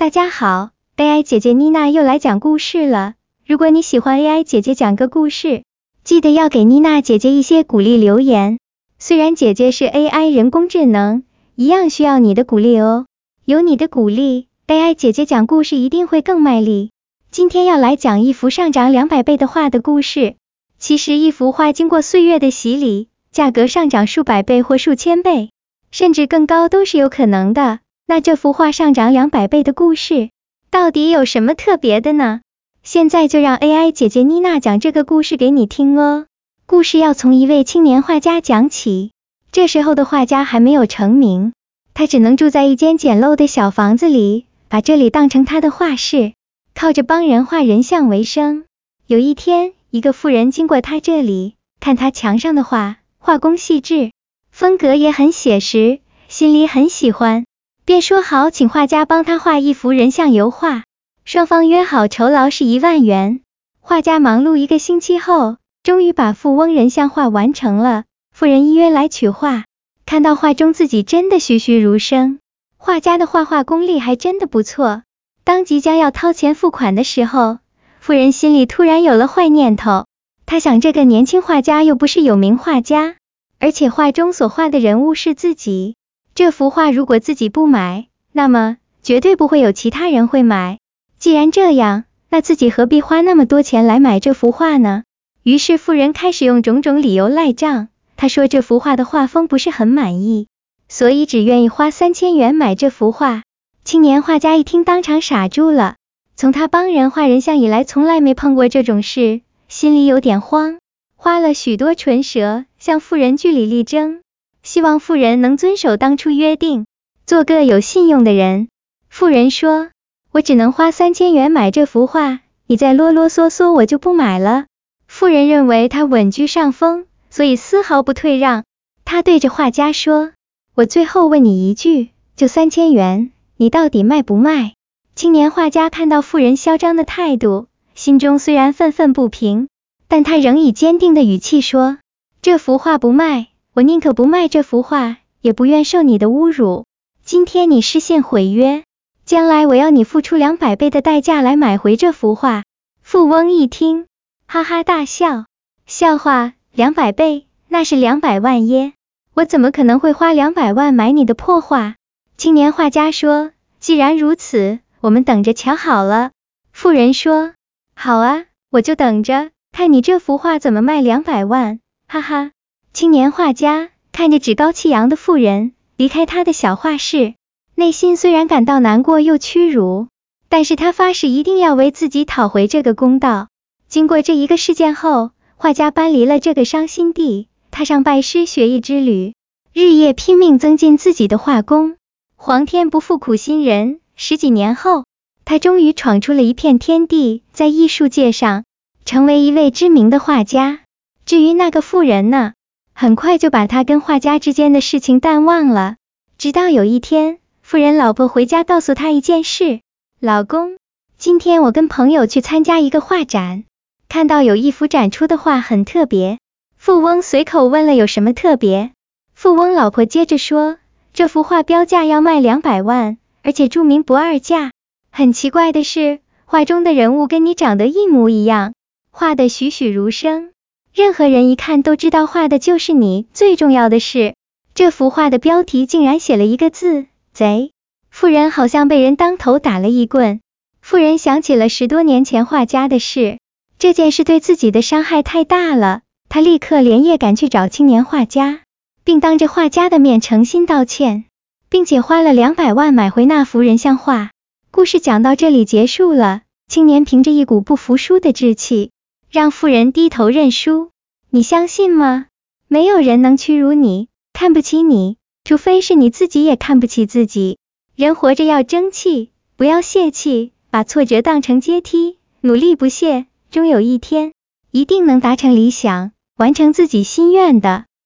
大家好，AI 姐姐妮娜又來講故事了。如果你喜歡 AI 姐姐講個故事，記得要給妮娜姐姐一些鼓勵留言。雖然姐姐是 AI 人工智能，一樣需要你的鼓勵哦。有你的鼓勵，AI 姐姐講故事一定會更賣力。今天要來講一幅上漲兩百倍的畫的故事。其實一幅畫經過歲月的洗禮，價格上漲數百倍或數千倍，甚至更高都是有可能的。那這幅畫上漲兩百倍的故事到底有什麼特別的呢？現在就讓 AI 姐姐妮娜講這個故事給你聽哦。故事要從一位青年畫家講起。這時候的畫家還沒有成名，他只能住在一間簡陋的小房子裡，把這裡當成他的畫室，靠着幫人畫人像為生。有一天，一個婦人經過他這裡，看他牆上的畫，畫工細緻，風格也很寫實，心裡很喜歡。便說好，請畫家幫他畫一幅人像油畫，雙方約好酬勞是一萬元。畫家忙碌一個星期後，終於把富翁人像畫完成了。富人依約來取畫，看到畫中自己真的栩栩如生，畫家的畫畫功力還真的不錯。當即將要掏錢付款的時候，富人心裡突然有了壞念頭。他想，這個年輕畫家又不是有名畫家，而且畫中所畫的人物是自己。這幅畫如果自己不買，那麼絕對不會有其他人會買。既然這樣，那自己何必花那麼多錢來買這幅畫呢？於是富人開始用種種理由賴賬。他說這幅畫的畫風不是很滿意，所以只願意花三千元買這幅畫。青年畫家一聽，當場傻住了。從他幫人畫人像以來，從來沒碰過這種事，心裡有點慌，花了許多唇舌向富人據理力爭。希望富人能遵守當初約定，做個有信用的人。富人說：“我只能花三千元買這幅畫，你再囉囉嗦嗦，我就不買了。”富人認為他穩居上風，所以絲毫不退讓。他對着畫家說：“我最後問你一句，就三千元，你到底賣不賣？”青年畫家看到富人囂張的態度，心中雖然憤憤不平，但他仍以堅定的語氣說：“這幅畫不賣。”我寧可不賣這幅畫，也不願受你的侮辱。今天你失信毀約，將來我要你付出兩百倍的代價來買回這幅畫。富翁一聽，哈哈大笑，笑話兩百倍，那是兩百萬耶，我怎麼可能會花兩百萬買你的破畫？青年畫家說，既然如此，我們等着瞧好了。富人說，好啊，我就等着看你這幅畫怎麼賣兩百萬，哈哈。青年畫家看着趾高氣揚的富人離開他的小畫室，內心雖然感到難過又屈辱，但是他發誓一定要為自己討回這個公道。經過這一個事件後，畫家搬離了這個傷心地，踏上拜師學藝之旅，日夜拼命增進自己的畫功。皇天不負苦心人，十幾年後，他終於闖出了一片天地，在藝術界上成為一位知名的畫家。至於那個富人呢？很快就把他跟畫家之間的事情淡忘了，直到有一天，富人老婆回家告訴他一件事：老公，今天我跟朋友去參加一個畫展，看到有一幅展出的畫很特別。富翁隨口問了有什麼特別。富翁老婆接着說：這幅畫標價要賣兩百萬，而且注明不二價。很奇怪的是，畫中的人物跟你長得一模一樣，畫得栩栩如生。任何人一看都知道畫的就是你。最重要的是，這幅畫的標題竟然寫了一個字“賊”。富人好像被人當頭打了一棍。富人想起了十多年前畫家的事，這件事對自己的傷害太大了，他立刻連夜趕去找青年畫家，並當着畫家的面誠心道歉，並且花了兩百萬買回那幅人像畫。故事講到這裡結束了，青年憑着一股不服輸的志氣。讓富人低頭認輸，你相信嗎？沒有人能屈辱你、看不起你，除非是你自己也看不起自己。人活着要爭氣，不要洩氣，把挫折當成階梯，努力不懈，終有一天，一定能達成理想，完成自己心願的。